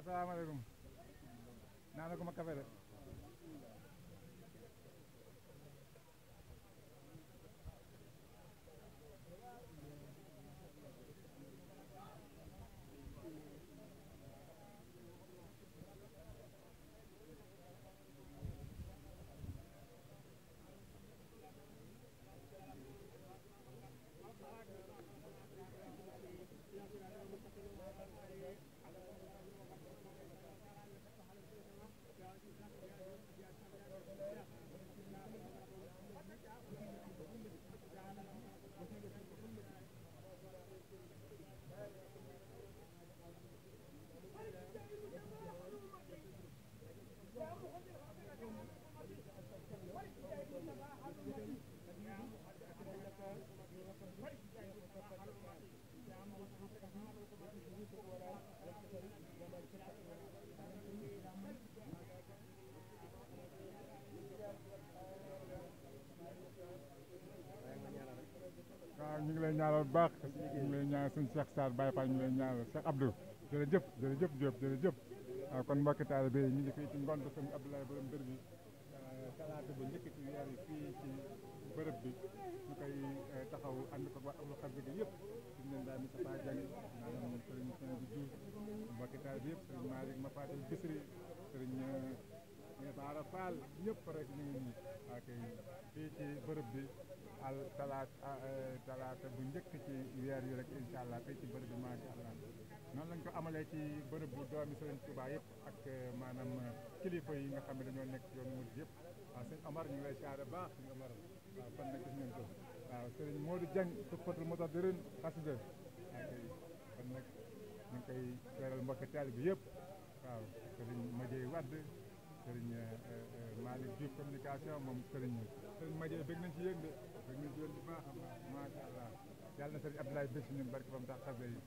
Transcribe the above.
asalaamaaleykum naa ne ko ma kafe de ñu ngi lay ñaanal bu baax ñu ngi lay ñaanal suñu Cheikh Sarr Baye Fall ñu ngi lay ñaanal Cheikh kon mbokki taalibe yi ñu ngi fii ci ngont sëñ Abdoulaye borom dër bi euh, talaata bu njëkk ci weer yi fii ci bërëb bi ñu koy euh, taxaw ànd ko ba amul xam gi yëpp suñ leen daal Moustapha Diagne maanaam sëriñ Sëñ bi Diouf mbokki taalibe yëpp sëriñ Malick Mafatim Bisri sëriñ euh, faal ñëpp rek ñu ak fii ci bërëb bi al talaata ah, eh, talaata bu njëkk ci weer yi rek incha allah fii ci bërëb bi macha allah noonu lañ ko amalee ci bërëb bu doomi Sëriñ Tuubaa yëpp ak eh, maanaam eh, kilifa yi nga xam ne dañoo nekk yoon wut yëpp waaw ah, sëñ Omar ñu lay siyaare baax Omar waaw fan ngeen ko waaw ah, sëriñ Modou tukkatul mota ak ñu koy mbokk bi yëpp waaw sëriñ sëriñ euh, euh, Malick Diouf communication moom sëriñ sëriñ Madiaye bëgg nañ ci yéen de bëgg nañ ci yéen bu baax a baax macha allah yàlla na sëriñ Abdoulaye bés ñun barke ba mu tax xase yi